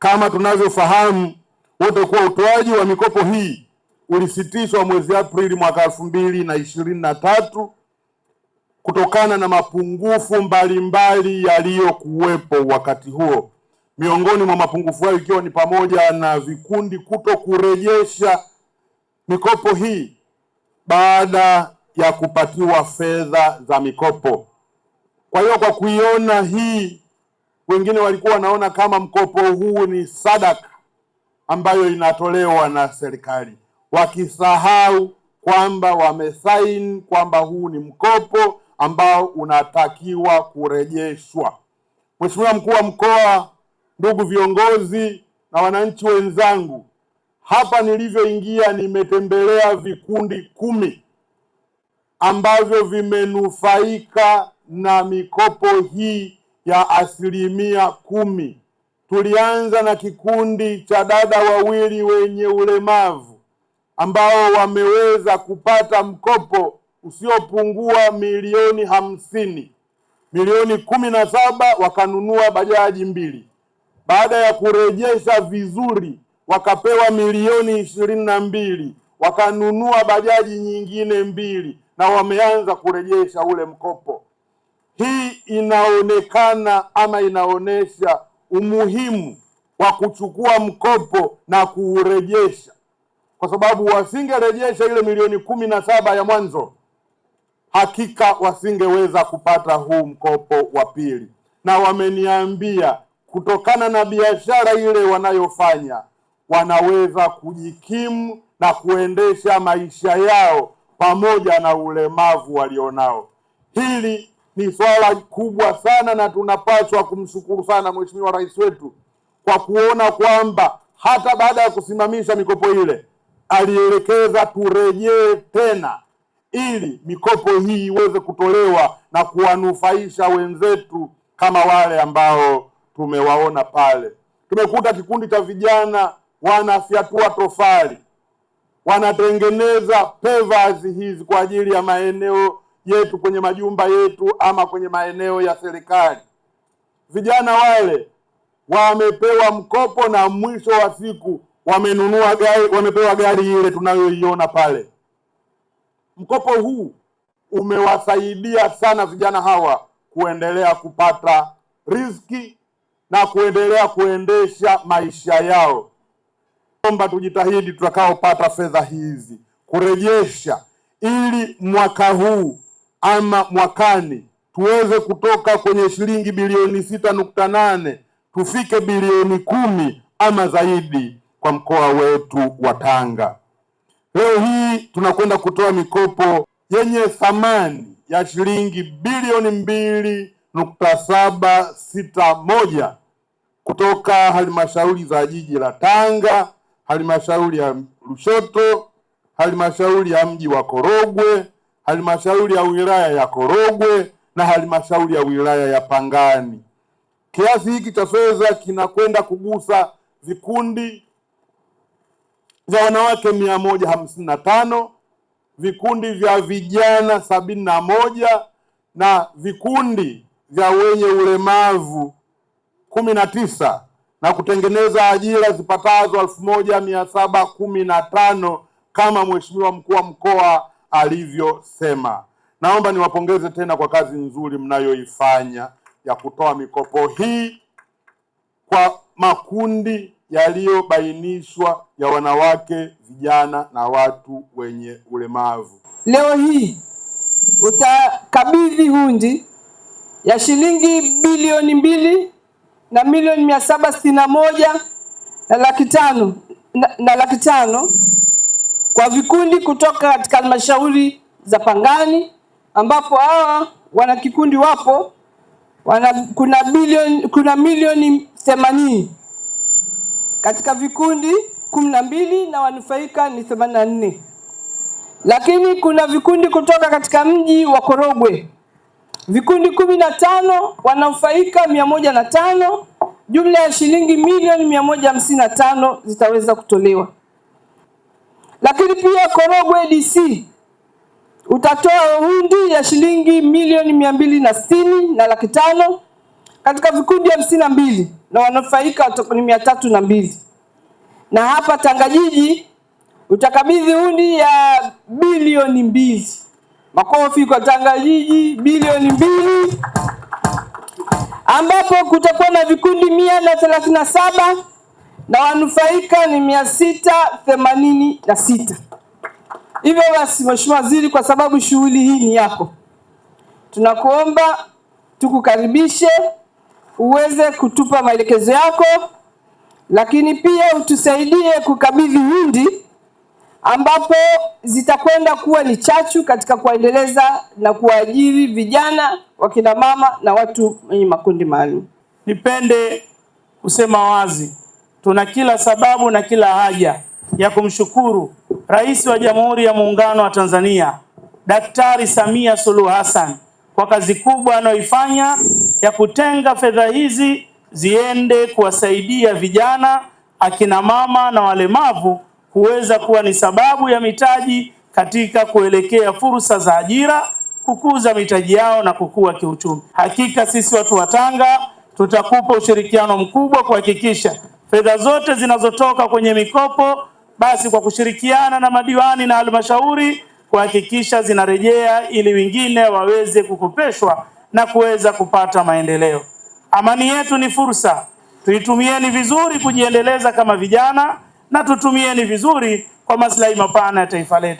Kama tunavyofahamu wote kuwa utoaji wa mikopo hii ulisitishwa mwezi Aprili mwaka elfu mbili na ishirini na tatu kutokana na mapungufu mbalimbali yaliyokuwepo wakati huo. Miongoni mwa mapungufu hayo ikiwa ni pamoja na vikundi kuto kurejesha mikopo hii baada ya kupatiwa fedha za mikopo. Kwa hiyo kwa kuiona hii wengine walikuwa wanaona kama mkopo huu ni sadaka ambayo inatolewa na serikali, wakisahau kwamba wamesaini kwamba huu ni mkopo ambao unatakiwa kurejeshwa. Mheshimiwa mkuu wa mkoa, ndugu viongozi na wananchi wenzangu, hapa nilivyoingia nimetembelea vikundi kumi ambavyo vimenufaika na mikopo hii ya asilimia kumi. Tulianza na kikundi cha dada wawili wenye ulemavu ambao wameweza kupata mkopo usiopungua milioni hamsini, milioni kumi na saba wakanunua bajaji mbili. Baada ya kurejesha vizuri, wakapewa milioni ishirini na mbili wakanunua bajaji nyingine mbili, na wameanza kurejesha ule mkopo. Hii inaonekana ama inaonyesha umuhimu wa kuchukua mkopo na kuurejesha, kwa sababu wasingerejesha ile milioni kumi na saba ya mwanzo, hakika wasingeweza kupata huu mkopo wa pili. Na wameniambia kutokana na biashara ile wanayofanya wanaweza kujikimu na kuendesha maisha yao pamoja na ulemavu walionao. Hili ni swala kubwa sana, na tunapaswa kumshukuru sana Mheshimiwa Rais wetu kwa kuona kwamba hata baada ya kusimamisha mikopo ile alielekeza turejee tena ili mikopo hii iweze kutolewa na kuwanufaisha wenzetu kama wale ambao tumewaona pale. Tumekuta kikundi cha vijana wanafyatua tofali, wanatengeneza pavers hizi kwa ajili ya maeneo yetu kwenye majumba yetu ama kwenye maeneo ya serikali. Vijana wale wamepewa mkopo na mwisho wa siku wamenunua gari, wamepewa gari ile tunayoiona pale. Mkopo huu umewasaidia sana vijana hawa kuendelea kupata riziki na kuendelea kuendesha maisha yao. Omba tujitahidi tutakaopata fedha hizi kurejesha ili mwaka huu ama mwakani tuweze kutoka kwenye shilingi bilioni sita nukta nane tufike bilioni kumi ama zaidi kwa mkoa wetu wa Tanga. Leo hii tunakwenda kutoa mikopo yenye thamani ya shilingi bilioni mbili nukta saba sita moja kutoka halmashauri za jiji la Tanga, halmashauri ya Lushoto, halmashauri ya mji wa Korogwe halmashauri ya wilaya ya Korogwe na halmashauri ya wilaya ya Pangani. Kiasi hiki cha fedha kinakwenda kugusa vikundi vya wanawake mia moja hamsini na tano vikundi vya vijana sabini na moja na vikundi vya wenye ulemavu kumi na tisa na kutengeneza ajira zipatazo elfu moja mia saba kumi na tano kama Mheshimiwa mkuu wa mkoa alivyosema. Naomba niwapongeze tena kwa kazi nzuri mnayoifanya ya kutoa mikopo hii kwa makundi yaliyobainishwa ya wanawake, vijana na watu wenye ulemavu. Leo hii utakabidhi hundi ya shilingi bilioni mbili na milioni mia saba sitini na moja na laki tano na, na laki tano kwa vikundi kutoka katika halmashauri za Pangani, ambapo hawa wana kikundi wapo wana, kuna, bilioni, kuna milioni 80 katika vikundi 12 na wanufaika ni 84 lakini kuna vikundi kutoka katika mji wa Korogwe vikundi kumi na tano wananufaika mia moja na tano jumla ya shilingi milioni mia moja hamsini na tano zitaweza kutolewa. Lakini pia Korogwe DC utatoa hundi ya shilingi milioni mia mbili na sitini na laki tano katika vikundi hamsini na mbili na wanufaika watakuwa ni mia tatu na mbili na hapa Tanga jiji utakabidhi hundi ya bilioni mbili. Makofi kwa Tanga jiji, bilioni mbili ambapo kutakuwa na vikundi mia na thelathini na saba na wanufaika ni mia sita themanini na sita. Hivyo basi, Mheshimiwa Waziri, kwa sababu shughuli hii ni yako, tunakuomba tukukaribishe uweze kutupa maelekezo yako, lakini pia utusaidie kukabidhi hundi ambapo zitakwenda kuwa ni chachu katika kuendeleza na kuwaajiri vijana, wakina mama na watu wenye makundi maalum. Nipende kusema wazi Tuna kila sababu na kila haja ya kumshukuru Rais wa Jamhuri ya Muungano wa Tanzania Daktari Samia Suluhu Hassan kwa kazi kubwa anayoifanya ya kutenga fedha hizi ziende kuwasaidia vijana, akina mama na walemavu kuweza kuwa ni sababu ya mitaji katika kuelekea fursa za ajira, kukuza mitaji yao na kukua kiuchumi. Hakika sisi watu wa Tanga tutakupa ushirikiano mkubwa kuhakikisha fedha zote zinazotoka kwenye mikopo basi kwa kushirikiana na madiwani na halmashauri kuhakikisha zinarejea ili wengine waweze kukopeshwa na kuweza kupata maendeleo. Amani yetu ni fursa, tuitumieni vizuri kujiendeleza kama vijana na tutumieni vizuri kwa maslahi mapana ya taifa letu.